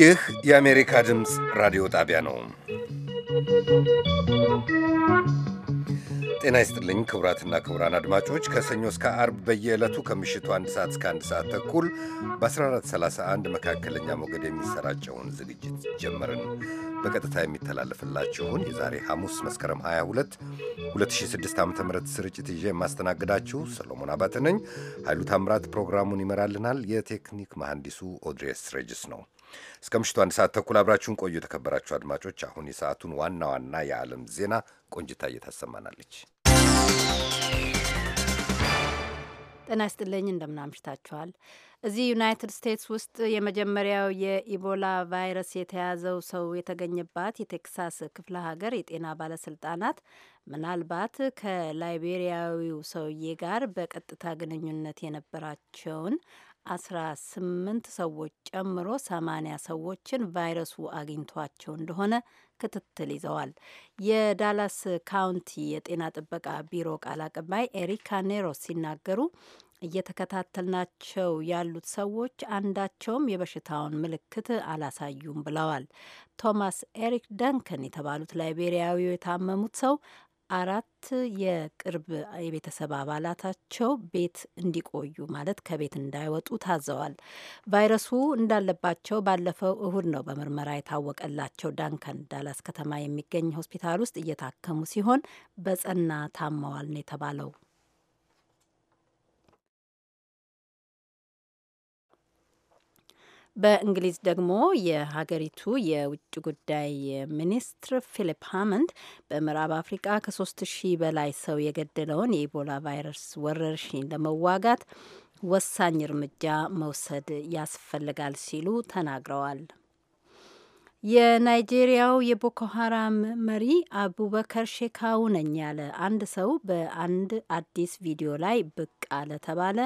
ይህ የአሜሪካ ድምፅ ራዲዮ ጣቢያ ነው። ጤና ይስጥልኝ ክቡራትና ክቡራን አድማጮች ከሰኞ እስከ አርብ በየዕለቱ ከምሽቱ አንድ ሰዓት እስከ አንድ ሰዓት ተኩል በ1431 መካከለኛ ሞገድ የሚሰራጨውን ዝግጅት ጀመርን። በቀጥታ የሚተላለፍላችሁን የዛሬ ሐሙስ መስከረም 22 2006 ዓ ም ስርጭት ይዤ የማስተናግዳችሁ ሰሎሞን አባተ ነኝ። ኃይሉ ታምራት ፕሮግራሙን ይመራልናል። የቴክኒክ መሐንዲሱ ኦድሬስ ሬጅስ ነው። እስከ ምሽቱ አንድ ሰዓት ተኩል አብራችሁን ቆዩ። የተከበራችሁ አድማጮች፣ አሁን የሰዓቱን ዋና ዋና የዓለም ዜና ቆንጅታ እየታሰማናለች። ጤና ይስጥልኝ እንደምናምሽታችኋል። እዚህ ዩናይትድ ስቴትስ ውስጥ የመጀመሪያው የኢቦላ ቫይረስ የተያዘው ሰው የተገኘባት የቴክሳስ ክፍለ ሀገር የጤና ባለስልጣናት ምናልባት ከላይቤሪያዊው ሰውዬ ጋር በቀጥታ ግንኙነት የነበራቸውን አስራ ስምንት ሰዎች ጨምሮ ሰማኒያ ሰዎችን ቫይረሱ አግኝቷቸው እንደሆነ ክትትል ይዘዋል። የዳላስ ካውንቲ የጤና ጥበቃ ቢሮ ቃል አቀባይ ኤሪካ ኔሮስ ሲናገሩ እየተከታተልናቸው ያሉት ሰዎች አንዳቸውም የበሽታውን ምልክት አላሳዩም ብለዋል። ቶማስ ኤሪክ ደንከን የተባሉት ላይቤሪያዊ የታመሙት ሰው አራት የቅርብ የቤተሰብ አባላታቸው ቤት እንዲቆዩ ማለት ከቤት እንዳይወጡ ታዘዋል። ቫይረሱ እንዳለባቸው ባለፈው እሁድ ነው በምርመራ የታወቀላቸው ዳንከን ዳላስ ከተማ የሚገኝ ሆስፒታል ውስጥ እየታከሙ ሲሆን በጸና ታመዋል ነው የተባለው። በእንግሊዝ ደግሞ የሀገሪቱ የውጭ ጉዳይ ሚኒስትር ፊሊፕ ሃመንድ በምዕራብ አፍሪቃ ከሶስት ሺህ በላይ ሰው የገደለውን የኢቦላ ቫይረስ ወረርሽኝ ለመዋጋት ወሳኝ እርምጃ መውሰድ ያስፈልጋል ሲሉ ተናግረዋል። የናይጄሪያው የቦኮ ሀራም መሪ አቡበከር ሼካው ነኝ ያለ አንድ ሰው በአንድ አዲስ ቪዲዮ ላይ ብቅ አለ ተባለ።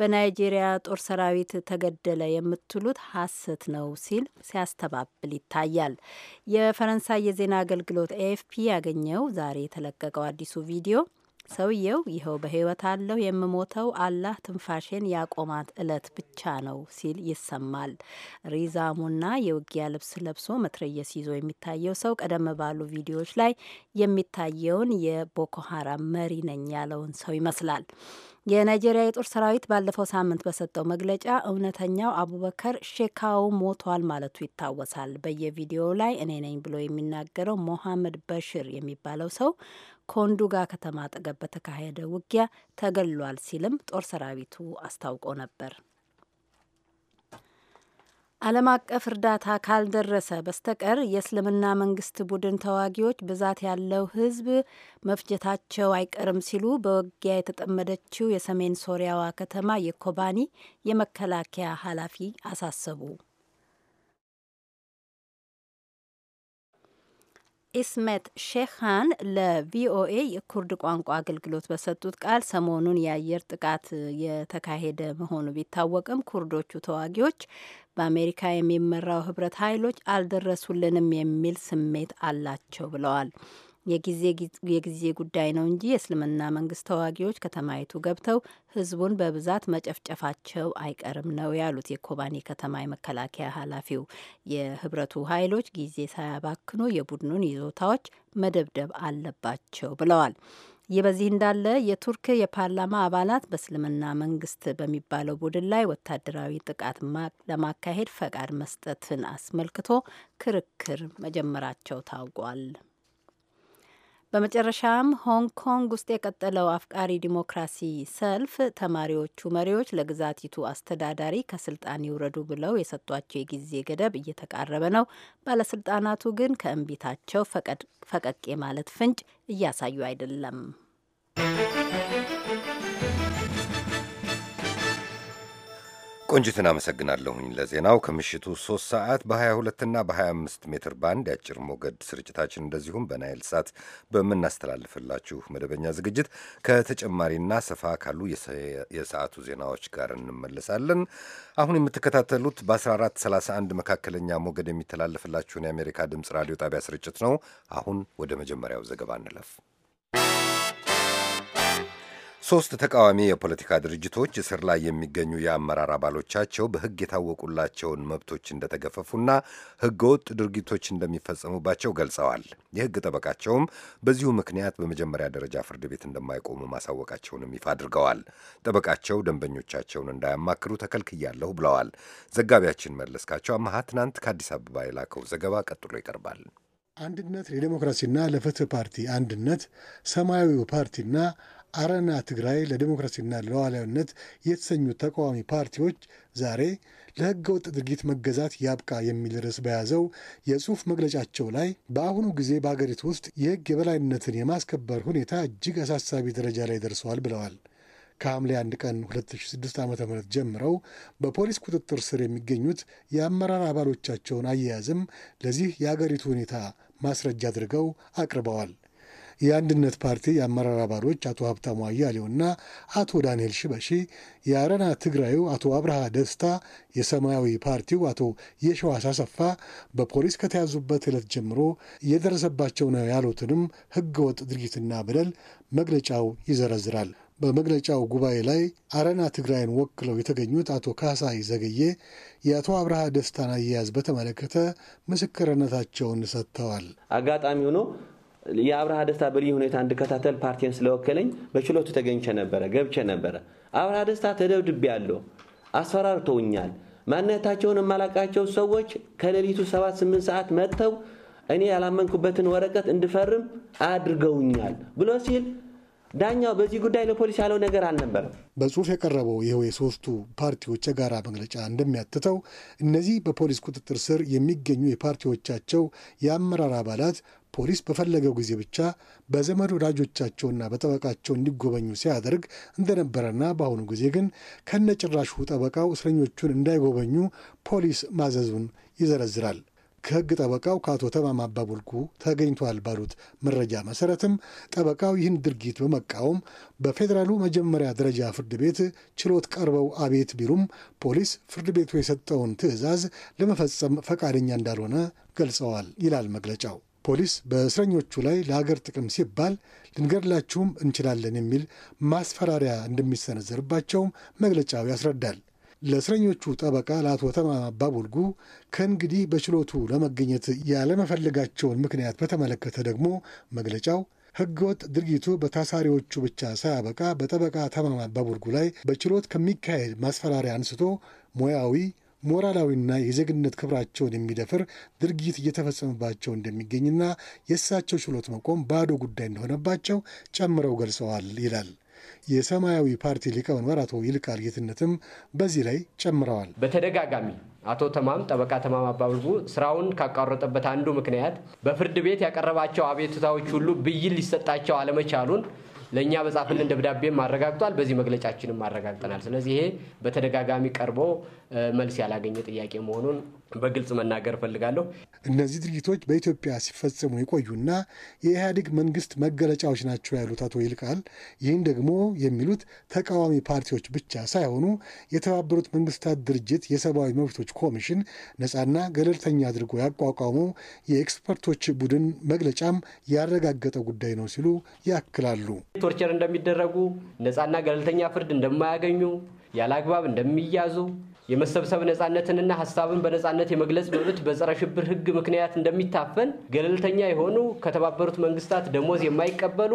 በናይጄሪያ ጦር ሰራዊት ተገደለ የምትሉት ሀሰት ነው ሲል ሲያስተባብል ይታያል። የፈረንሳይ የዜና አገልግሎት ኤኤፍፒ ያገኘው ዛሬ የተለቀቀው አዲሱ ቪዲዮ ሰውየው ይኸው በህይወት አለው የምሞተው አላህ ትንፋሽን ያቆማት እለት ብቻ ነው ሲል ይሰማል። ሪዛሙና የውጊያ ልብስ ለብሶ መትረየስ ይዞ የሚታየው ሰው ቀደም ባሉ ቪዲዮዎች ላይ የሚታየውን የቦኮ ሀራም መሪ ነኝ ያለውን ሰው ይመስላል። የናይጄሪያ የጦር ሰራዊት ባለፈው ሳምንት በሰጠው መግለጫ እውነተኛው አቡበከር ሼካው ሞቷል ማለቱ ይታወሳል። በየቪዲዮው ላይ እኔ ነኝ ብሎ የሚናገረው ሞሐመድ በሽር የሚባለው ሰው ኮንዱጋ ከተማ አጠገብ በተካሄደ ውጊያ ተገሏል ሲልም ጦር ሰራዊቱ አስታውቆ ነበር። ዓለም አቀፍ እርዳታ ካልደረሰ በስተቀር የእስልምና መንግስት ቡድን ተዋጊዎች ብዛት ያለው ህዝብ መፍጀታቸው አይቀርም ሲሉ በውጊያ የተጠመደችው የሰሜን ሶሪያዋ ከተማ የኮባኒ የመከላከያ ኃላፊ አሳሰቡ። ኢስመት ሼኻን ለቪኦኤ የኩርድ ቋንቋ አገልግሎት በሰጡት ቃል ሰሞኑን የአየር ጥቃት የተካሄደ መሆኑ ቢታወቅም ኩርዶቹ ተዋጊዎች በአሜሪካ የሚመራው ህብረት ኃይሎች አልደረሱልንም የሚል ስሜት አላቸው ብለዋል። የጊዜ ጉዳይ ነው እንጂ የእስልምና መንግስት ተዋጊዎች ከተማይቱ ገብተው ህዝቡን በብዛት መጨፍጨፋቸው አይቀርም ነው ያሉት የኮባኒ ከተማ የመከላከያ ኃላፊው። የህብረቱ ኃይሎች ጊዜ ሳያባክኑ የቡድኑን ይዞታዎች መደብደብ አለባቸው ብለዋል። ይህ በዚህ እንዳለ የቱርክ የፓርላማ አባላት በእስልምና መንግስት በሚባለው ቡድን ላይ ወታደራዊ ጥቃት ለማካሄድ ፈቃድ መስጠትን አስመልክቶ ክርክር መጀመራቸው ታውቋል። በመጨረሻም ሆንግ ኮንግ ውስጥ የቀጠለው አፍቃሪ ዲሞክራሲ ሰልፍ ተማሪዎቹ መሪዎች ለግዛቲቱ አስተዳዳሪ ከስልጣን ይውረዱ ብለው የሰጧቸው የጊዜ ገደብ እየተቃረበ ነው። ባለስልጣናቱ ግን ከእንቢታቸው ፈቀቅ የማለት ፍንጭ እያሳዩ አይደለም። ቆንጅትን አመሰግናለሁኝ ለዜናው። ከምሽቱ ሶስት ሰዓት በ22 እና በ25 ሜትር ባንድ የአጭር ሞገድ ስርጭታችን እንደዚሁም በናይል ሳት በምናስተላልፍላችሁ መደበኛ ዝግጅት ከተጨማሪና ሰፋ ካሉ የሰዓቱ ዜናዎች ጋር እንመለሳለን። አሁን የምትከታተሉት በ1431 መካከለኛ ሞገድ የሚተላለፍላችሁን የአሜሪካ ድምፅ ራዲዮ ጣቢያ ስርጭት ነው። አሁን ወደ መጀመሪያው ዘገባ እንለፍ። ሦስት ተቃዋሚ የፖለቲካ ድርጅቶች እስር ላይ የሚገኙ የአመራር አባሎቻቸው በሕግ የታወቁላቸውን መብቶች እንደተገፈፉና ወጥ ድርጊቶች እንደሚፈጸሙባቸው ገልጸዋል። የሕግ ጠበቃቸውም በዚሁ ምክንያት በመጀመሪያ ደረጃ ፍርድ ቤት እንደማይቆሙ ማሳወቃቸውንም ይፋ አድርገዋል። ጠበቃቸው ደንበኞቻቸውን እንዳያማክሩ ተከልክያለሁ ብለዋል። ዘጋቢያችን መለስካቸው አመሃ ትናንት ከአዲስ አበባ የላከው ዘገባ ቀጥሎ ይቀርባል። አንድነት ለዲሞክራሲና ለፍትህ ፓርቲ አንድነት፣ ሰማያዊው ፓርቲና አረና ትግራይ ለዲሞክራሲና ለሉዓላዊነት የተሰኙ ተቃዋሚ ፓርቲዎች ዛሬ ለሕገ ወጥ ድርጊት መገዛት ያብቃ የሚል ርዕስ በያዘው የጽሑፍ መግለጫቸው ላይ በአሁኑ ጊዜ በአገሪቱ ውስጥ የሕግ የበላይነትን የማስከበር ሁኔታ እጅግ አሳሳቢ ደረጃ ላይ ደርሰዋል ብለዋል። ከሐምሌ 1 ቀን 2006 ዓ ም ጀምረው በፖሊስ ቁጥጥር ስር የሚገኙት የአመራር አባሎቻቸውን አያያዝም ለዚህ የአገሪቱ ሁኔታ ማስረጃ አድርገው አቅርበዋል። የአንድነት ፓርቲ የአመራር አባሎች አቶ ሀብታሙ አያሌውና አቶ ዳንኤል ሽበሺ፣ የአረና ትግራዩ አቶ አብርሃ ደስታ፣ የሰማያዊ ፓርቲው አቶ የሸዋስ አሰፋ በፖሊስ ከተያዙበት ዕለት ጀምሮ እየደረሰባቸው ነው ያሉትንም ህገወጥ ድርጊትና በደል መግለጫው ይዘረዝራል። በመግለጫው ጉባኤ ላይ አረና ትግራይን ወክለው የተገኙት አቶ ካሳይ ዘገዬ የአቶ አብርሃ ደስታን አያያዝ በተመለከተ ምስክርነታቸውን ሰጥተዋል። አጋጣሚ ሆኖ የአብርሃ ደስታ በልዩ ሁኔታ እንድከታተል ፓርቲን ስለወከለኝ በችሎቱ ተገኝቼ ነበረ፣ ገብቼ ነበረ። አብርሃ ደስታ ያለው አስፈራርተውኛል። ማንነታቸውን የማላቃቸው ሰዎች ከሌሊቱ ሰባት ስምንት ሰዓት መጥተው እኔ ያላመንኩበትን ወረቀት እንድፈርም አድርገውኛል ብሎ ሲል ዳኛው በዚህ ጉዳይ ለፖሊስ ያለው ነገር አልነበረም። በጽሁፍ የቀረበው ይኸው የሶስቱ ፓርቲዎች የጋራ መግለጫ እንደሚያትተው እነዚህ በፖሊስ ቁጥጥር ስር የሚገኙ የፓርቲዎቻቸው የአመራር አባላት ፖሊስ በፈለገው ጊዜ ብቻ በዘመድ ወዳጆቻቸውና በጠበቃቸው እንዲጎበኙ ሲያደርግ እንደነበረና በአሁኑ ጊዜ ግን ከነጭራሹ ጠበቃው እስረኞቹን እንዳይጎበኙ ፖሊስ ማዘዙን ይዘረዝራል። ከህግ ጠበቃው ከአቶ ተማማ አባቡልኩ ተገኝቷል ባሉት መረጃ መሰረትም ጠበቃው ይህን ድርጊት በመቃወም በፌዴራሉ መጀመሪያ ደረጃ ፍርድ ቤት ችሎት ቀርበው አቤት ቢሉም ፖሊስ ፍርድ ቤቱ የሰጠውን ትዕዛዝ ለመፈጸም ፈቃደኛ እንዳልሆነ ገልጸዋል ይላል መግለጫው። ፖሊስ በእስረኞቹ ላይ ለሀገር ጥቅም ሲባል ልንገድላችሁም እንችላለን የሚል ማስፈራሪያ እንደሚሰነዘርባቸውም መግለጫው ያስረዳል። ለእስረኞቹ ጠበቃ ለአቶ ተማም አባቡልጉ ከእንግዲህ በችሎቱ ለመገኘት ያለመፈለጋቸውን ምክንያት በተመለከተ ደግሞ መግለጫው ህገወጥ ድርጊቱ በታሳሪዎቹ ብቻ ሳያበቃ በጠበቃ ተማም አባቡልጉ ላይ በችሎት ከሚካሄድ ማስፈራሪያ አንስቶ ሙያዊ ሞራላዊና የዜግነት ክብራቸውን የሚደፍር ድርጊት እየተፈጸመባቸው እንደሚገኝና የእሳቸው ችሎት መቆም ባዶ ጉዳይ እንደሆነባቸው ጨምረው ገልጸዋል ይላል። የሰማያዊ ፓርቲ ሊቀመንበር አቶ ይልቃል ጌትነትም በዚህ ላይ ጨምረዋል። በተደጋጋሚ አቶ ተማም ጠበቃ ተማም አባብልቡ ስራውን ካቋረጠበት አንዱ ምክንያት በፍርድ ቤት ያቀረባቸው አቤቱታዎች ሁሉ ብይን ሊሰጣቸው አለመቻሉን ለእኛ በጻፍልን ደብዳቤም አረጋግጧል። በዚህ መግለጫችንም አረጋግጠናል። ስለዚህ ይሄ በተደጋጋሚ ቀርቦ መልስ ያላገኘ ጥያቄ መሆኑን በግልጽ መናገር ፈልጋለሁ። እነዚህ ድርጊቶች በኢትዮጵያ ሲፈጸሙ የቆዩና የኢህአዴግ መንግስት መገለጫዎች ናቸው ያሉት አቶ ይልቃል ይህን ደግሞ የሚሉት ተቃዋሚ ፓርቲዎች ብቻ ሳይሆኑ የተባበሩት መንግስታት ድርጅት የሰብአዊ መብቶች ኮሚሽን ነጻና ገለልተኛ አድርጎ ያቋቋመው የኤክስፐርቶች ቡድን መግለጫም ያረጋገጠ ጉዳይ ነው ሲሉ ያክላሉ። ቶርቸር እንደሚደረጉ፣ ነፃና ገለልተኛ ፍርድ እንደማያገኙ፣ ያለ አግባብ እንደሚያዙ፣ የመሰብሰብ ነፃነትንና ሀሳብን በነፃነት የመግለጽ መብት በጸረ ሽብር ህግ ምክንያት እንደሚታፈን፣ ገለልተኛ የሆኑ ከተባበሩት መንግስታት ደሞዝ የማይቀበሉ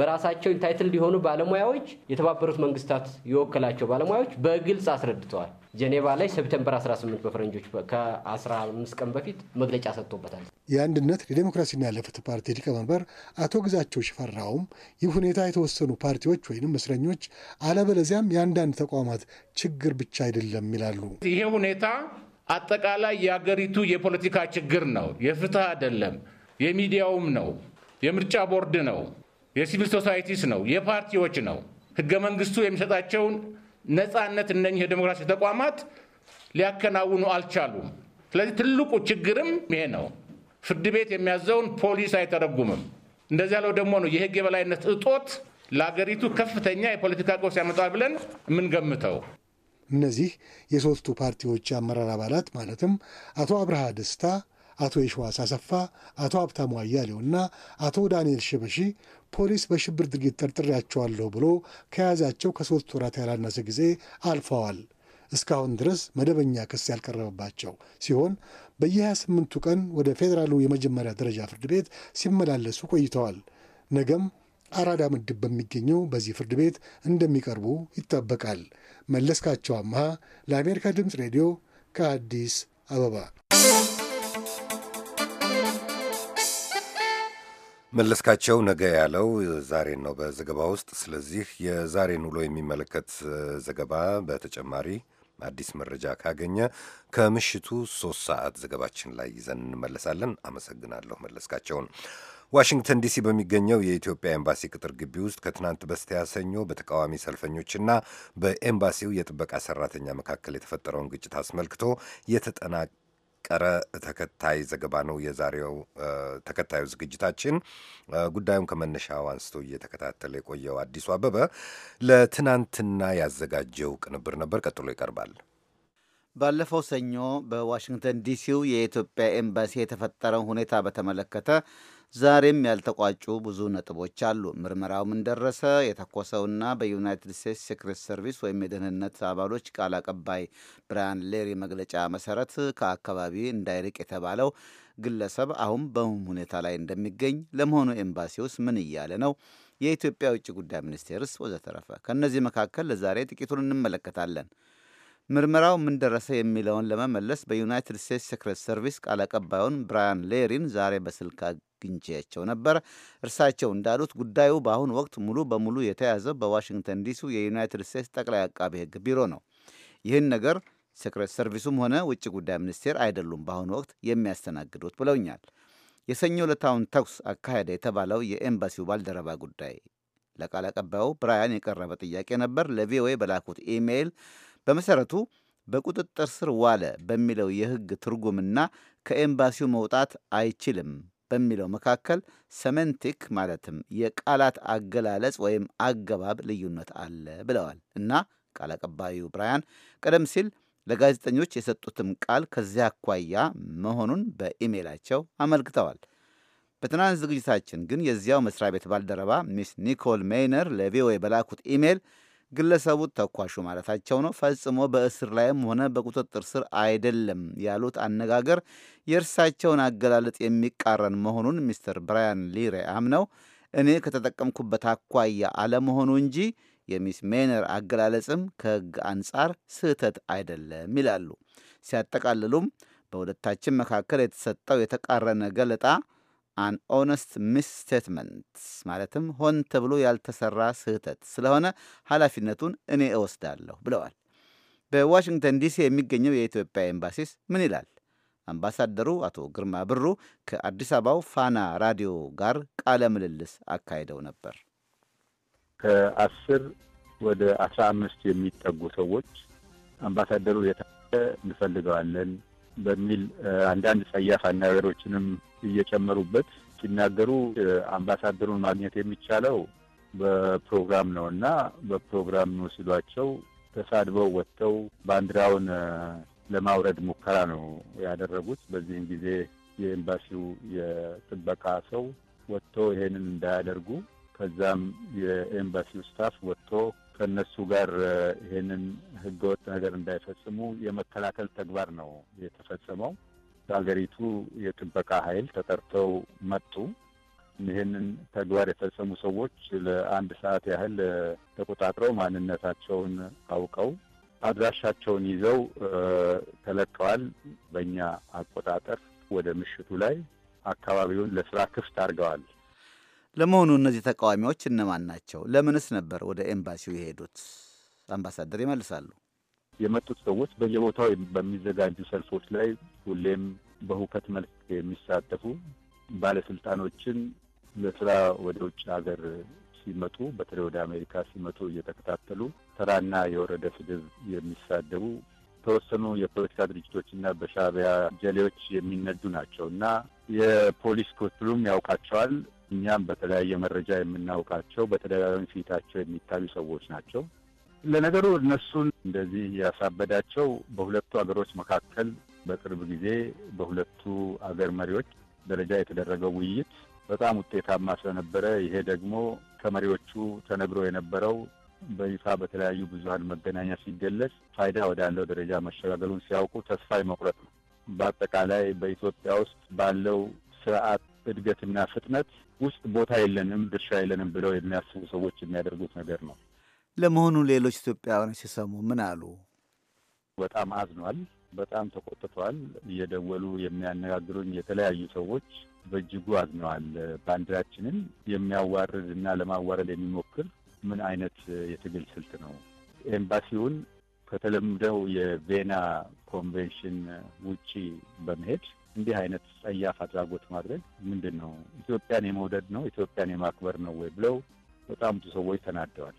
በራሳቸው ኢንታይትል የሆኑ ባለሙያዎች የተባበሩት መንግስታት የወከላቸው ባለሙያዎች በግልጽ አስረድተዋል። ጀኔቫ ላይ ሴፕቴምበር 18 በፈረንጆች ከ15 ቀን በፊት መግለጫ ሰጥቶበታል። የአንድነት ለዴሞክራሲና ለፍትህ ፓርቲ ሊቀመንበር አቶ ግዛቸው ሽፈራውም ይህ ሁኔታ የተወሰኑ ፓርቲዎች ወይም እስረኞች አለበለዚያም የአንዳንድ ተቋማት ችግር ብቻ አይደለም ይላሉ። ይሄ ሁኔታ አጠቃላይ የአገሪቱ የፖለቲካ ችግር ነው። የፍትህ አይደለም፣ የሚዲያውም ነው፣ የምርጫ ቦርድ ነው፣ የሲቪል ሶሳይቲስ ነው፣ የፓርቲዎች ነው። ህገ መንግስቱ የሚሰጣቸውን ነፃነት እነኚህ የዴሞክራሲ ተቋማት ሊያከናውኑ አልቻሉም። ስለዚህ ትልቁ ችግርም ይሄ ነው። ፍርድ ቤት የሚያዘውን ፖሊስ አይተረጉምም። እንደዚህ ያለው ደግሞ ነው የህግ የበላይነት እጦት ለአገሪቱ ከፍተኛ የፖለቲካ ቀውስ ያመጣል ብለን የምንገምተው። እነዚህ የሦስቱ ፓርቲዎች አመራር አባላት ማለትም አቶ አብርሃ ደስታ፣ አቶ የሸዋስ አሰፋ፣ አቶ ሀብታሙ አያሌውና አቶ ዳንኤል ሽበሺ ፖሊስ በሽብር ድርጊት ጠርጥሬያቸዋለሁ ብሎ ከያዛቸው ከሶስት ወራት ያላነሰ ጊዜ አልፈዋል። እስካሁን ድረስ መደበኛ ክስ ያልቀረበባቸው ሲሆን በየ28ቱ ቀን ወደ ፌዴራሉ የመጀመሪያ ደረጃ ፍርድ ቤት ሲመላለሱ ቆይተዋል። ነገም አራዳ ምድብ በሚገኘው በዚህ ፍርድ ቤት እንደሚቀርቡ ይጠበቃል። መለስካቸው አምሃ ለአሜሪካ ድምፅ ሬዲዮ ከአዲስ አበባ መለስካቸው ነገ ያለው ዛሬን ነው በዘገባ ውስጥ። ስለዚህ የዛሬን ውሎ የሚመለከት ዘገባ በተጨማሪ አዲስ መረጃ ካገኘ ከምሽቱ ሶስት ሰዓት ዘገባችን ላይ ይዘን እንመለሳለን። አመሰግናለሁ መለስካቸውን። ዋሽንግተን ዲሲ በሚገኘው የኢትዮጵያ ኤምባሲ ቅጥር ግቢ ውስጥ ከትናንት በስቲያ ሰኞ በተቃዋሚ ሰልፈኞችና በኤምባሲው የጥበቃ ሰራተኛ መካከል የተፈጠረውን ግጭት አስመልክቶ የተጠናቀ ያነጣጠረ ተከታይ ዘገባ ነው የዛሬው ተከታዩ ዝግጅታችን። ጉዳዩን ከመነሻው አንስቶ እየተከታተለ የቆየው አዲሱ አበበ ለትናንትና ያዘጋጀው ቅንብር ነበር፣ ቀጥሎ ይቀርባል። ባለፈው ሰኞ በዋሽንግተን ዲሲው የኢትዮጵያ ኤምባሲ የተፈጠረው ሁኔታ በተመለከተ ዛሬም ያልተቋጩ ብዙ ነጥቦች አሉ። ምርመራው እንደረሰ የተኮሰውና በዩናይትድ ስቴትስ ሴክሬት ሰርቪስ ወይም የደህንነት አባሎች ቃል አቀባይ ብራያን ሌሪ መግለጫ መሰረት ከአካባቢ እንዳይርቅ የተባለው ግለሰብ አሁን በህሙም ሁኔታ ላይ እንደሚገኝ፣ ለመሆኑ ኤምባሲውስ ምን እያለ ነው? የኢትዮጵያ ውጭ ጉዳይ ሚኒስቴርስ ወዘተረፈ። ከእነዚህ መካከል ለዛሬ ጥቂቱን እንመለከታለን። ምርመራው ምን ደረሰ የሚለውን ለመመለስ በዩናይትድ ስቴትስ ሴክሬት ሰርቪስ ቃል አቀባዩን ብራያን ሌሪን ዛሬ በስልክ አግኝቻቸው ነበር። እርሳቸው እንዳሉት ጉዳዩ በአሁኑ ወቅት ሙሉ በሙሉ የተያዘው በዋሽንግተን ዲሲ የዩናይትድ ስቴትስ ጠቅላይ አቃቤ ሕግ ቢሮ ነው። ይህን ነገር ሴክሬት ሰርቪሱም ሆነ ውጭ ጉዳይ ሚኒስቴር አይደሉም በአሁኑ ወቅት የሚያስተናግዱት ብለውኛል። የሰኞ ዕለታውን ተኩስ አካሄደ የተባለው የኤምባሲው ባልደረባ ጉዳይ ለቃል አቀባዩ ብራያን የቀረበ ጥያቄ ነበር። ለቪኦኤ በላኩት ኢሜይል በመሰረቱ በቁጥጥር ስር ዋለ በሚለው የህግ ትርጉምና ከኤምባሲው መውጣት አይችልም በሚለው መካከል ሰመንቲክ ማለትም የቃላት አገላለጽ ወይም አገባብ ልዩነት አለ ብለዋል እና ቃል አቀባዩ ብራያን ቀደም ሲል ለጋዜጠኞች የሰጡትም ቃል ከዚያ አኳያ መሆኑን በኢሜይላቸው አመልክተዋል። በትናንት ዝግጅታችን ግን የዚያው መስሪያ ቤት ባልደረባ ሚስ ኒኮል ሜይነር ለቪኦኤ በላኩት ኢሜይል ግለሰቡ ተኳሹ ማለታቸው ነው ፈጽሞ በእስር ላይም ሆነ በቁጥጥር ስር አይደለም ያሉት አነጋገር የእርሳቸውን አገላለጥ የሚቃረን መሆኑን ሚስተር ብራያን ሊሬ አምነው እኔ ከተጠቀምኩበት አኳያ አለመሆኑ እንጂ የሚስ ሜነር አገላለጽም ከሕግ አንጻር ስህተት አይደለም ይላሉ። ሲያጠቃልሉም በሁለታችን መካከል የተሰጠው የተቃረነ ገለጣ አን ኦነስት ሚስስቴትመንት ማለትም ሆን ተብሎ ያልተሰራ ስህተት ስለሆነ ኃላፊነቱን እኔ እወስዳለሁ ብለዋል። በዋሽንግተን ዲሲ የሚገኘው የኢትዮጵያ ኤምባሲስ ምን ይላል? አምባሳደሩ አቶ ግርማ ብሩ ከአዲስ አበባው ፋና ራዲዮ ጋር ቃለ ምልልስ አካሂደው ነበር። ከአስር ወደ አስራ አምስት የሚጠጉ ሰዎች አምባሳደሩ የታ እንፈልገዋለን በሚል አንዳንድ ጸያፍ ነገሮችንም እየጨመሩበት ሲናገሩ አምባሳደሩን ማግኘት የሚቻለው በፕሮግራም ነው እና በፕሮግራም ነው ሲሏቸው ተሳድበው ወጥተው ባንዲራውን ለማውረድ ሙከራ ነው ያደረጉት። በዚህም ጊዜ የኤምባሲው የጥበቃ ሰው ወጥቶ ይሄንን እንዳያደርጉ ከዛም የኤምባሲው ስታፍ ወጥቶ ከነሱ ጋር ይህንን ህገወጥ ነገር እንዳይፈጽሙ የመከላከል ተግባር ነው የተፈጸመው። በሀገሪቱ የጥበቃ ኃይል ተጠርተው መጡ። ይህንን ተግባር የፈጸሙ ሰዎች ለአንድ ሰዓት ያህል ተቆጣጥረው ማንነታቸውን አውቀው አድራሻቸውን ይዘው ተለቀዋል። በእኛ አቆጣጠር ወደ ምሽቱ ላይ አካባቢውን ለስራ ክፍት አድርገዋል። ለመሆኑ እነዚህ ተቃዋሚዎች እነማን ናቸው? ለምንስ ነበር ወደ ኤምባሲው የሄዱት? አምባሳደር ይመልሳሉ። የመጡት ሰዎች በየቦታው በሚዘጋጁ ሰልፎች ላይ ሁሌም በሁከት መልክ የሚሳተፉ ባለስልጣኖችን ለስራ ወደ ውጭ ሀገር ሲመጡ በተለይ ወደ አሜሪካ ሲመጡ እየተከታተሉ ተራና የወረደ ስድብ የሚሳደቡ የተወሰኑ የፖለቲካ ድርጅቶችና በሻቢያ ጀሌዎች የሚነዱ ናቸው እና የፖሊስ ክፍሉም ያውቃቸዋል። እኛም በተለያየ መረጃ የምናውቃቸው በተደጋጋሚ ፊታቸው የሚታዩ ሰዎች ናቸው። ለነገሩ እነሱን እንደዚህ ያሳበዳቸው በሁለቱ አገሮች መካከል በቅርብ ጊዜ በሁለቱ አገር መሪዎች ደረጃ የተደረገው ውይይት በጣም ውጤታማ ስለነበረ ይሄ ደግሞ ከመሪዎቹ ተነግሮ የነበረው በይፋ በተለያዩ ብዙሀን መገናኛ ሲገለጽ ፋይዳ ወዳለው ደረጃ መሸጋገሉን ሲያውቁ ተስፋ መቁረጥ ነው። በአጠቃላይ በኢትዮጵያ ውስጥ ባለው ስርዓት እድገትና ፍጥነት ውስጥ ቦታ የለንም፣ ድርሻ የለንም ብለው የሚያስቡ ሰዎች የሚያደርጉት ነገር ነው። ለመሆኑ ሌሎች ኢትዮጵያውያን ሲሰሙ ምን አሉ? በጣም አዝኗል። በጣም ተቆጥቷል። እየደወሉ የሚያነጋግሩኝ የተለያዩ ሰዎች በእጅጉ አዝነዋል። ባንዲራችንን የሚያዋርድ እና ለማዋረድ የሚሞክር ምን አይነት የትግል ስልት ነው? ኤምባሲውን ከተለምደው የቬና ኮንቬንሽን ውጪ በመሄድ እንዲህ አይነት ጸያፍ አድራጎት ማድረግ ምንድን ነው? ኢትዮጵያን የመውደድ ነው? ኢትዮጵያን የማክበር ነው ወይ ብለው በጣም ብዙ ሰዎች ተናደዋል።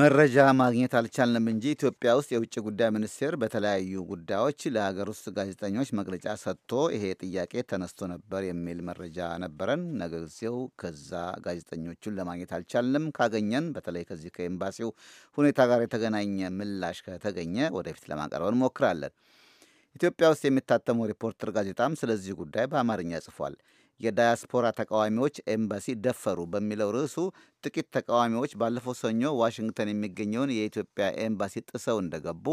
መረጃ ማግኘት አልቻልንም እንጂ ኢትዮጵያ ውስጥ የውጭ ጉዳይ ሚኒስቴር በተለያዩ ጉዳዮች ለሀገር ውስጥ ጋዜጠኞች መግለጫ ሰጥቶ ይሄ ጥያቄ ተነስቶ ነበር የሚል መረጃ ነበረን። ነገዜው ከዛ ጋዜጠኞቹን ለማግኘት አልቻልንም። ካገኘን በተለይ ከዚህ ከኤምባሲው ሁኔታ ጋር የተገናኘ ምላሽ ከተገኘ ወደፊት ለማቀረብ እንሞክራለን። ኢትዮጵያ ውስጥ የሚታተመው ሪፖርተር ጋዜጣም ስለዚህ ጉዳይ በአማርኛ ጽፏል። የዳያስፖራ ተቃዋሚዎች ኤምባሲ ደፈሩ በሚለው ርዕሱ ጥቂት ተቃዋሚዎች ባለፈው ሰኞ ዋሽንግተን የሚገኘውን የኢትዮጵያ ኤምባሲ ጥሰው እንደገቡ፣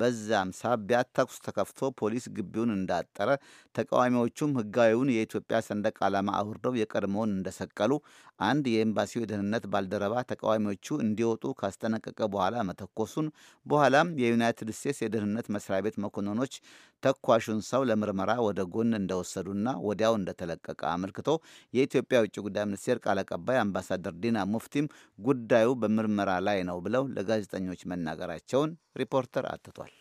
በዛም ሳቢያ ተኩስ ተከፍቶ ፖሊስ ግቢውን እንዳጠረ፣ ተቃዋሚዎቹም ህጋዊውን የኢትዮጵያ ሰንደቅ ዓላማ አውርደው የቀድሞውን እንደሰቀሉ፣ አንድ የኤምባሲው የደህንነት ባልደረባ ተቃዋሚዎቹ እንዲወጡ ካስጠነቀቀ በኋላ መተኮሱን፣ በኋላም የዩናይትድ ስቴትስ የደህንነት መስሪያ ቤት መኮንኖች ተኳሹን ሰው ለምርመራ ወደ ጎን እንደወሰዱና ወዲያው እንደተለቀቀ አመልክቶ የኢትዮጵያ ውጭ ጉዳይ ሚኒስቴር ቃል አቀባይ አምባሳደር ዲና ሙፍቲም ጉዳዩ በምርመራ ላይ ነው ብለው ለጋዜጠኞች መናገራቸውን ሪፖርተር አትቷል።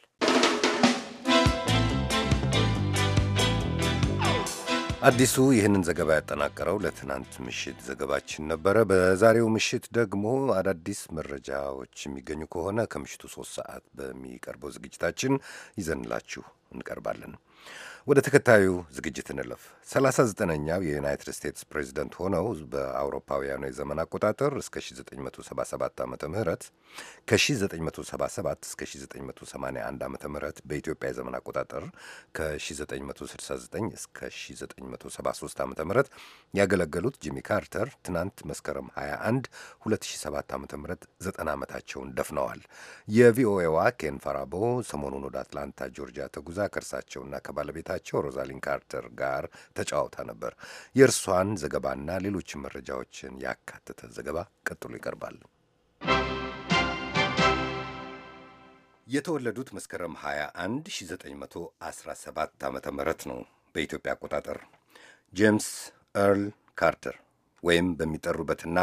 አዲሱ ይህንን ዘገባ ያጠናቀረው ለትናንት ምሽት ዘገባችን ነበረ። በዛሬው ምሽት ደግሞ አዳዲስ መረጃዎች የሚገኙ ከሆነ ከምሽቱ ሶስት ሰዓት በሚቀርበው ዝግጅታችን ይዘንላችሁ እንቀርባለን። ወደ ተከታዩ ዝግጅት እንለፍ። 39ኛው የዩናይትድ ስቴትስ ፕሬዚደንት ሆነው በአውሮፓውያኑ የዘመን አቆጣጠር እስከ 1977 ዓ ም ከ1977 እስከ 1981 ዓ ም በኢትዮጵያ የዘመን አቆጣጠር ከ1969 እስከ 1973 ዓ ም ያገለገሉት ጂሚ ካርተር ትናንት መስከረም 21 2007 ዓ ም 90 ዓመታቸውን ደፍነዋል። የቪኦኤዋ ኬን ፋራቦ ሰሞኑን ወደ አትላንታ ጆርጂያ ተጉዛ ከእርሳቸውና ከባለቤታ ባለቤታቸው ሮዛሊን ካርተር ጋር ተጫዋውታ ነበር። የእርሷን ዘገባና ሌሎች መረጃዎችን ያካተተ ዘገባ ቀጥሎ ይቀርባል። የተወለዱት መስከረም 21 1917 ዓ ም ነው በኢትዮጵያ አቆጣጠር ጄምስ ኤርል ካርተር ወይም በሚጠሩበትና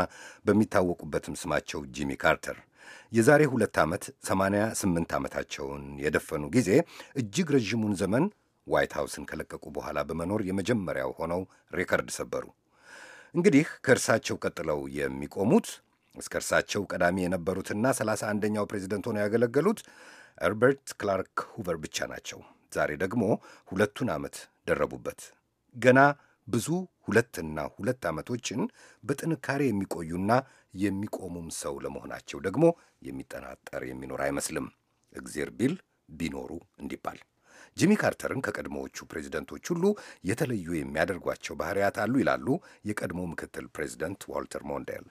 በሚታወቁበትም ስማቸው ጂሚ ካርተር የዛሬ ሁለት ዓመት 88 ዓመታቸውን የደፈኑ ጊዜ እጅግ ረዥሙን ዘመን ዋይት ሀውስን ከለቀቁ በኋላ በመኖር የመጀመሪያው ሆነው ሬከርድ ሰበሩ። እንግዲህ ከእርሳቸው ቀጥለው የሚቆሙት እስከ እርሳቸው ቀዳሚ የነበሩትና ሰላሳ አንደኛው ፕሬዚደንት ሆነው ያገለገሉት ሄርበርት ክላርክ ሁቨር ብቻ ናቸው። ዛሬ ደግሞ ሁለቱን ዓመት ደረቡበት። ገና ብዙ ሁለትና ሁለት ዓመቶችን በጥንካሬ የሚቆዩና የሚቆሙም ሰው ለመሆናቸው ደግሞ የሚጠናጠር የሚኖር አይመስልም። እግዜር ቢል ቢኖሩ እንዲባል ጂሚ ካርተርን ከቀድሞዎቹ ፕሬዚደንቶች ሁሉ የተለዩ የሚያደርጓቸው ባህሪያት አሉ ይላሉ የቀድሞ ምክትል ፕሬዚደንት ዋልተር ሞንዴል።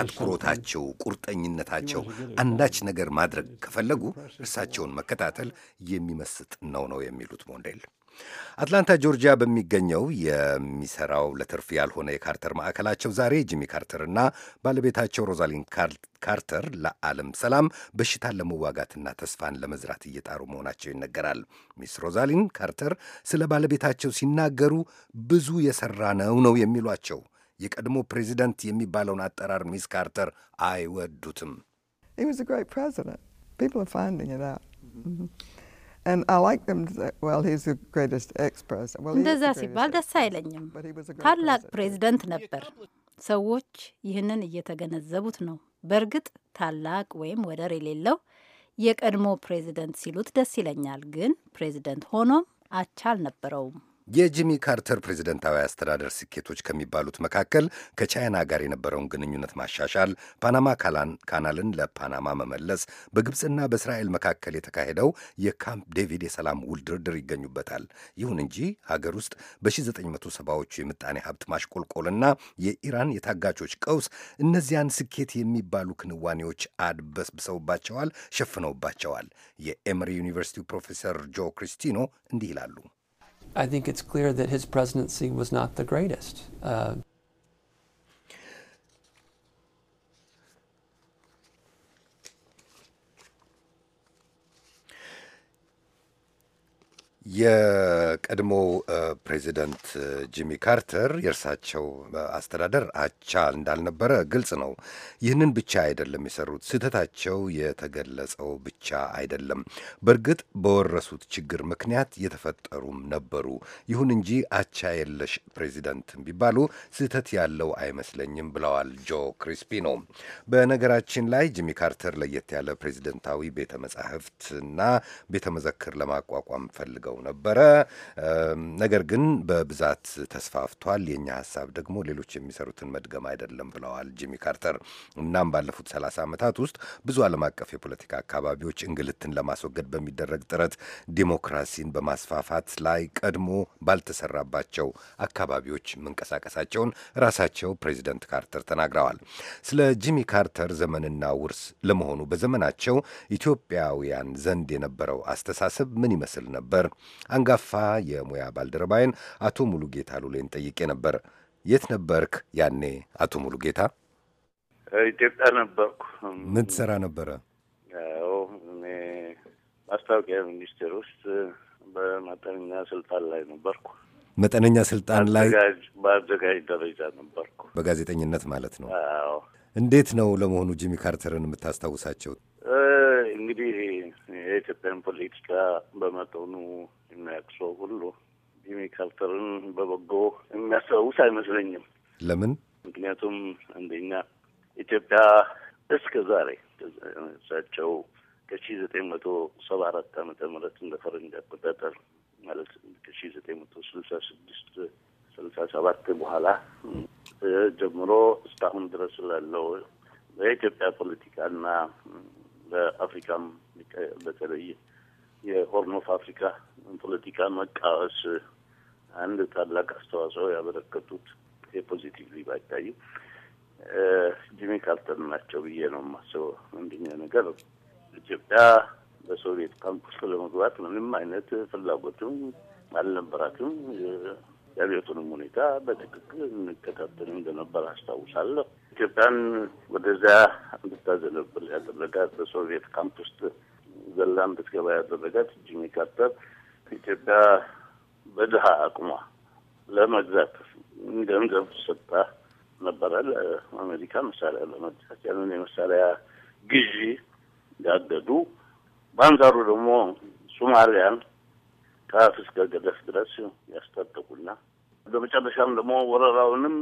አትኩሮታቸው፣ ቁርጠኝነታቸው አንዳች ነገር ማድረግ ከፈለጉ እርሳቸውን መከታተል የሚመስጥ ነው ነው የሚሉት ሞንዴል። አትላንታ ጆርጂያ በሚገኘው የሚሰራው ለትርፍ ያልሆነ የካርተር ማዕከላቸው ዛሬ ጂሚ ካርተርና ባለቤታቸው ሮዛሊን ካርተር ለዓለም ሰላም በሽታን ለመዋጋትና ተስፋን ለመዝራት እየጣሩ መሆናቸው ይነገራል። ሚስ ሮዛሊን ካርተር ስለ ባለቤታቸው ሲናገሩ ብዙ የሰራ ነው ነው የሚሏቸው የቀድሞ ፕሬዚደንት የሚባለውን አጠራር ሚስ ካርተር አይወዱትም። እንደዛ ሲባል ደስ አይለኝም። ታላቅ ፕሬዝደንት ነበር። ሰዎች ይህንን እየተገነዘቡት ነው። በእርግጥ ታላቅ ወይም ወደር የሌለው የቀድሞ ፕሬዝደንት ሲሉት ደስ ይለኛል። ግን ፕሬዝደንት ሆኖም አቻ አልነበረውም። የጂሚ ካርተር ፕሬዚደንታዊ አስተዳደር ስኬቶች ከሚባሉት መካከል ከቻይና ጋር የነበረውን ግንኙነት ማሻሻል፣ ፓናማ ካናልን ለፓናማ መመለስ፣ በግብፅና በእስራኤል መካከል የተካሄደው የካምፕ ዴቪድ የሰላም ውል ድርድር ይገኙበታል። ይሁን እንጂ ሀገር ውስጥ በ1970ዎቹ የምጣኔ ሀብት ማሽቆልቆልና የኢራን የታጋቾች ቀውስ እነዚያን ስኬት የሚባሉ ክንዋኔዎች አድበስብሰውባቸዋል፣ ሸፍነውባቸዋል። የኤምሪ ዩኒቨርሲቲው ፕሮፌሰር ጆ ክሪስቲኖ እንዲህ ይላሉ። I think it's clear that his presidency was not the greatest. Uh, የቀድሞ ፕሬዚደንት ጂሚ ካርተር የእርሳቸው አስተዳደር አቻ እንዳልነበረ ግልጽ ነው። ይህንን ብቻ አይደለም የሰሩት፣ ስህተታቸው የተገለጸው ብቻ አይደለም። በእርግጥ በወረሱት ችግር ምክንያት የተፈጠሩም ነበሩ። ይሁን እንጂ አቻ የለሽ ፕሬዚደንት ቢባሉ ስህተት ያለው አይመስለኝም ብለዋል ጆ ክሪስፒ ነው። በነገራችን ላይ ጂሚ ካርተር ለየት ያለ ፕሬዚደንታዊ ቤተ መጻሕፍትና ቤተ መዘክር ለማቋቋም ፈልገው ተደርገው ነበረ። ነገር ግን በብዛት ተስፋፍቷል። የእኛ ሀሳብ ደግሞ ሌሎች የሚሰሩትን መድገም አይደለም ብለዋል ጂሚ ካርተር። እናም ባለፉት 30 ዓመታት ውስጥ ብዙ ዓለም አቀፍ የፖለቲካ አካባቢዎች እንግልትን ለማስወገድ በሚደረግ ጥረት ዲሞክራሲን በማስፋፋት ላይ ቀድሞ ባልተሰራባቸው አካባቢዎች መንቀሳቀሳቸውን ራሳቸው ፕሬዚደንት ካርተር ተናግረዋል። ስለ ጂሚ ካርተር ዘመንና ውርስ ለመሆኑ በዘመናቸው ኢትዮጵያውያን ዘንድ የነበረው አስተሳሰብ ምን ይመስል ነበር? አንጋፋ የሙያ ባልደረባይን አቶ ሙሉጌታ ሉሌን ጠይቄ ነበር። የት ነበርክ ያኔ አቶ ሙሉጌታ? ኢትዮጵያ ነበርኩ። ምን ትሰራ ነበረ? ማስታወቂያ ሚኒስቴር ውስጥ በመጠነኛ ስልጣን ላይ ነበርኩ። መጠነኛ ስልጣን ላይ በአዘጋጅ ደረጃ ነበርኩ። በጋዜጠኝነት ማለት ነው። እንዴት ነው ለመሆኑ ጂሚ ካርተርን የምታስታውሳቸው? እንግዲህ ኢትዮጵያን ፖለቲካ በመጠኑ የሚያቅሰው ሁሉ ጂሚ ካርተርን በበጎ የሚያስታውስ አይመስለኝም። ለምን? ምክንያቱም አንደኛ ኢትዮጵያ እስከ ዛሬ እሳቸው ከሺ ዘጠኝ መቶ ሰባ አራት ዓመተ ምህረት እንደ ፈረንጅ አቆጣጠር ማለት ከሺ ዘጠኝ መቶ ስልሳ ስድስት ስልሳ ሰባት በኋላ ጀምሮ እስካሁን ድረስ ላለው በኢትዮጵያ ፖለቲካና በአፍሪካም በተለይ የሆርን ኦፍ አፍሪካ ፖለቲካ መቃወስ አንድ ታላቅ አስተዋጽኦ ያበረከቱት ፖዚቲቭሊ ባይታይም ጂሚ ካርተር ናቸው ብዬ ነው የማስበው። አንደኛ ነገር ኢትዮጵያ በሶቪየት ካምፕ ውስጥ ለመግባት ምንም አይነት ፍላጎትም አልነበራትም። የቤቱንም ሁኔታ በትክክል እንከታተል እንደነበር አስታውሳለሁ። ኢትዮጵያን ወደዚያ እንድታዘነብል ያደረጋት በሶቪየት ካምፕ ውስጥ ዘላ እንድትገባ ያደረጋት ጂሚ ካርተር ኢትዮጵያ በድሀ አቅሟ ለመግዛት ገንዘብ ሰጣ ነበረ ለአሜሪካ መሳሪያ ለመግዛት። ያንን የመሳሪያ ግዢ ያገዱ፣ በአንጻሩ ደግሞ ሶማሊያን ከአፍ እስከ ገደፍ ድረስ ያስታጠቁና በመጨረሻም ደግሞ ወረራውንም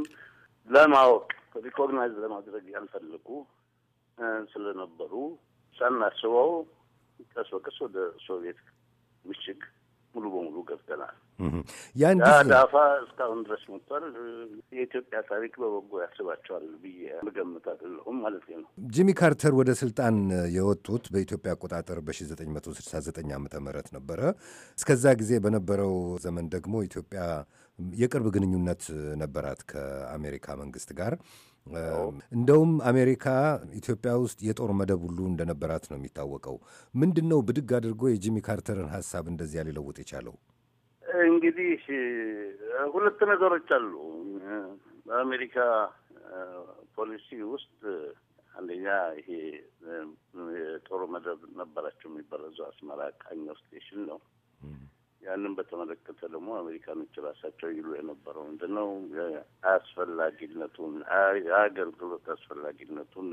ለማወቅ ሪኮግናይዝ ለማድረግ ያልፈልጉ ስለነበሩ ሳናስበው ቀስ በቀስ ወደ ሶቪየት ምሽግ ሙሉ በሙሉ ገብተናል። ዳፋ እስካሁን ድረስ መጥቷል። የኢትዮጵያ ታሪክ በበጎ ያስባቸዋል ብዬ ምገምት አይደለሁም ማለት ነው። ጂሚ ካርተር ወደ ስልጣን የወጡት በኢትዮጵያ አቆጣጠር በ1969 ዓ ም ነበረ። እስከዛ ጊዜ በነበረው ዘመን ደግሞ ኢትዮጵያ የቅርብ ግንኙነት ነበራት ከአሜሪካ መንግስት ጋር። እንደውም አሜሪካ ኢትዮጵያ ውስጥ የጦር መደብ ሁሉ እንደነበራት ነው የሚታወቀው። ምንድን ነው ብድግ አድርጎ የጂሚ ካርተርን ሀሳብ እንደዚያ ሊለውጥ የቻለው? እንግዲህ ሁለት ነገሮች አሉ በአሜሪካ ፖሊሲ ውስጥ አንደኛ ይሄ የጦር መደብ ነበራቸው የሚባለው አስመራ ቃኘው ስቴሽን ነው። ያንን በተመለከተ ደግሞ አሜሪካኖች ራሳቸው ይሉ የነበረው ምንድን ነው አስፈላጊነቱን የአገልግሎት አስፈላጊነቱን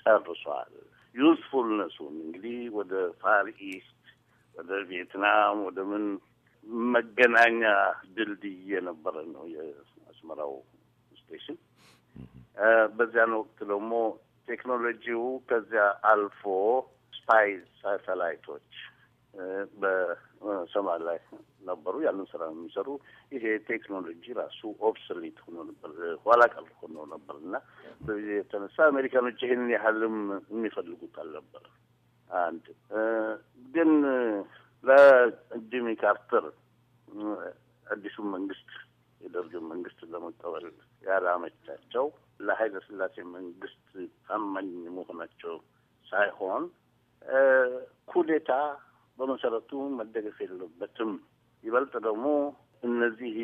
ጨርሷል። ዩዝፉልነሱን እንግዲህ ወደ ፋር ኢስት ወደ ቪየትናም ወደ ምን መገናኛ ድልድይ የነበረ ነው የአስመራው ስቴሽን። በዚያን ወቅት ደግሞ ቴክኖሎጂው ከዚያ አልፎ ስፓይስ ሳተላይቶች በሰማል ላይ ነበሩ ያንን ስራ የሚሰሩ ይሄ ቴክኖሎጂ ራሱ ኦብሶሊት ሆኖ ነበር፣ ኋላ ቀር ሆኖ ነበር እና በዚህ የተነሳ አሜሪካኖች ይህንን ያህልም የሚፈልጉት አልነበር። አንድ ግን ለጂሚ ካርተር አዲሱን መንግስት የደርግን መንግስት ለመቀበል ያላመቻቸው ለኃይለ ሥላሴ መንግስት ታማኝ መሆናቸው ሳይሆን ኩዴታ በመሰረቱ መደገፍ የለበትም። ይበልጥ ደግሞ እነዚህ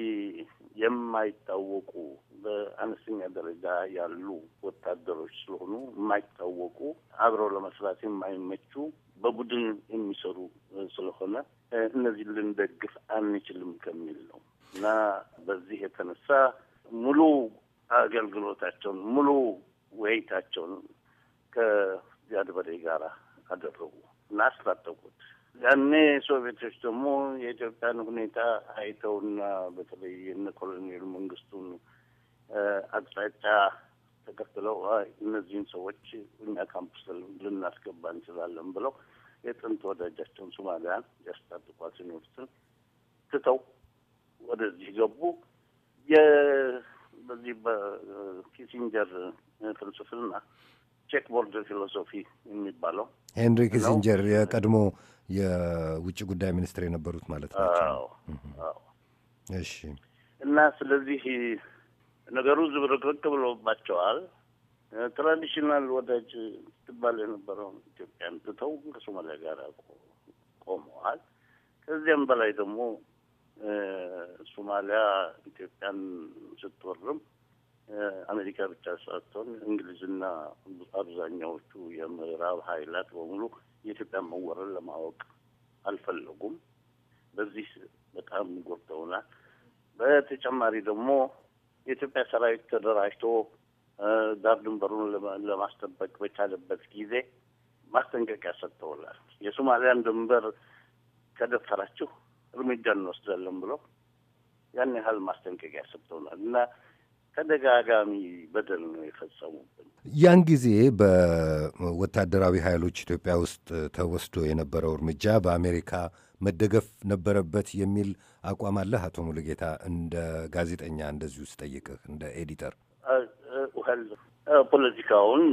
የማይታወቁ በአነስተኛ ደረጃ ያሉ ወታደሮች ስለሆኑ የማይታወቁ አብረው ለመስራት የማይመቹ በቡድን የሚሰሩ ስለሆነ እነዚህ ልንደግፍ አንችልም ከሚል ነው እና በዚህ የተነሳ ሙሉ አገልግሎታቸውን ሙሉ ወይታቸውን ከዚያድ በሬ ጋር አደረጉ እና አስታጠቁት። ያኔ ሶቪየቶች ደግሞ የኢትዮጵያን ሁኔታ አይተውና በተለይ የነ ኮሎኔል መንግስቱን አቅጣጫ ተከትለው እነዚህን ሰዎች እኛ ካምፕስ ልናስገባ እንችላለን ብለው የጥንት ወዳጃቸውን ሶማሊያን ያስታጥቋ ዩኒቨርስትን ትተው ወደዚህ ገቡ። በዚህ በኪሲንጀር ፍልስፍና ቼክ ቦርደር ፊሎሶፊ የሚባለው ሄንሪ ኪሲንጀር የቀድሞ የውጭ ጉዳይ ሚኒስትር የነበሩት ማለት ናቸው። እሺ። እና ስለዚህ ነገሩ ዝብርቅርቅ ብሎባቸዋል። ትራዲሽናል ወዳጅ ትባል የነበረውን ኢትዮጵያን ትተው ከሶማሊያ ጋር ቆመዋል። ከዚያም በላይ ደግሞ ሶማሊያ ኢትዮጵያን ስትወርም አሜሪካ ብቻ ሳትሆን እንግሊዝና አብዛኛዎቹ የምዕራብ ኃይላት በሙሉ የኢትዮጵያ መወረር ለማወቅ አልፈለጉም። በዚህ በጣም ጎድተውናል። በተጨማሪ ደግሞ የኢትዮጵያ ሰራዊት ተደራጅቶ ዳር ድንበሩን ለማስጠበቅ በቻለበት ጊዜ ማስጠንቀቂያ ሰጥተውላል። የሶማሊያን ድንበር ከደፈራችሁ እርምጃ እንወስዳለን ብለው ያን ያህል ማስጠንቀቂያ ሰጥተውናል እና ተደጋጋሚ በደል ነው የፈጸሙብን። ያን ጊዜ በወታደራዊ ኃይሎች ኢትዮጵያ ውስጥ ተወስዶ የነበረው እርምጃ በአሜሪካ መደገፍ ነበረበት የሚል አቋም አለህ አቶ ሙሉጌታ? እንደ ጋዜጠኛ እንደዚሁ ስጠይቅህ እንደ ኤዲተር ፖለቲካውን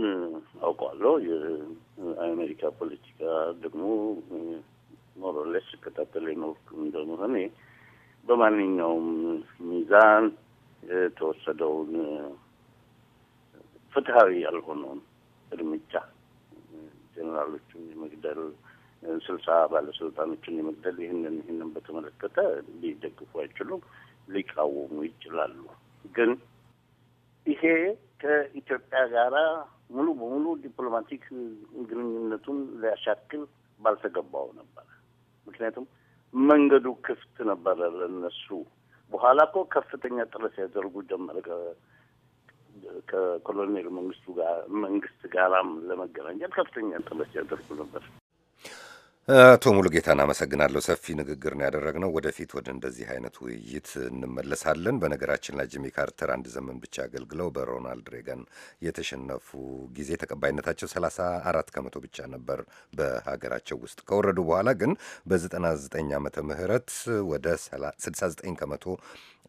አውቋለሁ። የአሜሪካ ፖለቲካ ደግሞ ሞሮሌስ ስከታተል የኖርኩ እንደመሆኔ በማንኛውም ሚዛን የተወሰደውን ፍትሀዊ ያልሆነውን እርምጃ ጀኔራሎቹን የመግደል ስልሳ ባለስልጣኖችን የመግደል ይህንን ይህንን በተመለከተ ሊደግፉ አይችሉም፣ ሊቃወሙ ይችላሉ። ግን ይሄ ከኢትዮጵያ ጋራ ሙሉ በሙሉ ዲፕሎማቲክ ግንኙነቱን ሊያሻክል ባልተገባው ነበረ። ምክንያቱም መንገዱ ክፍት ነበረ ለነሱ። በኋላ እኮ ከፍተኛ ጥረት ያደርጉ ጀመረ ከኮሎኔል መንግስቱ ጋር መንግስት ጋራም ለመገናኘት ከፍተኛ ጥረት ያደርጉ ነበር። አቶ ሙሉ ጌታን አመሰግናለሁ። ሰፊ ንግግር ነው ያደረግነው። ወደፊት ወደ እንደዚህ አይነት ውይይት እንመለሳለን። በነገራችን ላይ ጂሚ ካርተር አንድ ዘመን ብቻ አገልግለው በሮናልድ ሬገን የተሸነፉ ጊዜ ተቀባይነታቸው 34 ከመቶ ብቻ ነበር በሀገራቸው ውስጥ። ከወረዱ በኋላ ግን በ99 ዓመተ ምህረት ወደ 69 ከመቶ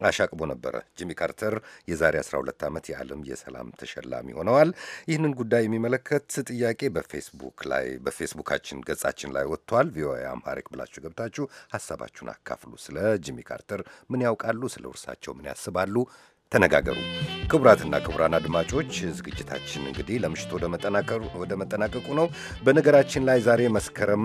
አሻቅቦ ነበረ። ጂሚ ካርተር የዛሬ 12 ዓመት የዓለም የሰላም ተሸላሚ ሆነዋል። ይህንን ጉዳይ የሚመለከት ጥያቄ በፌስቡክ ላይ በፌስቡካችን ገጻችን ላይ ወጥቷል። ቪኦኤ አምሃሪክ ብላችሁ ገብታችሁ ሀሳባችሁን አካፍሉ። ስለ ጂሚ ካርተር ምን ያውቃሉ? ስለ እርሳቸው ምን ያስባሉ? ተነጋገሩ። ክቡራትና ክቡራን አድማጮች ዝግጅታችን እንግዲህ ለምሽቱ ወደ መጠናቀቁ ነው። በነገራችን ላይ ዛሬ መስከረም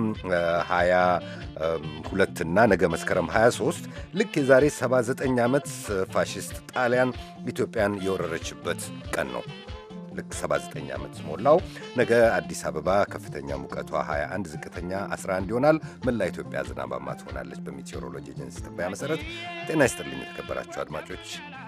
22 እና ነገ መስከረም 23 ልክ የዛሬ 79 ዓመት ፋሽስት ጣሊያን ኢትዮጵያን የወረረችበት ቀን ነው። ልክ 79 ዓመት ሞላው። ነገ አዲስ አበባ ከፍተኛ ሙቀቷ 21፣ ዝቅተኛ 11 ይሆናል። መላ ኢትዮጵያ ዝናባማ ትሆናለች በሚቴዎሮሎጂ ኤጀንሲ ትንበያ መሰረት። ጤና ይስጥልኝ የተከበራችሁ አድማጮች።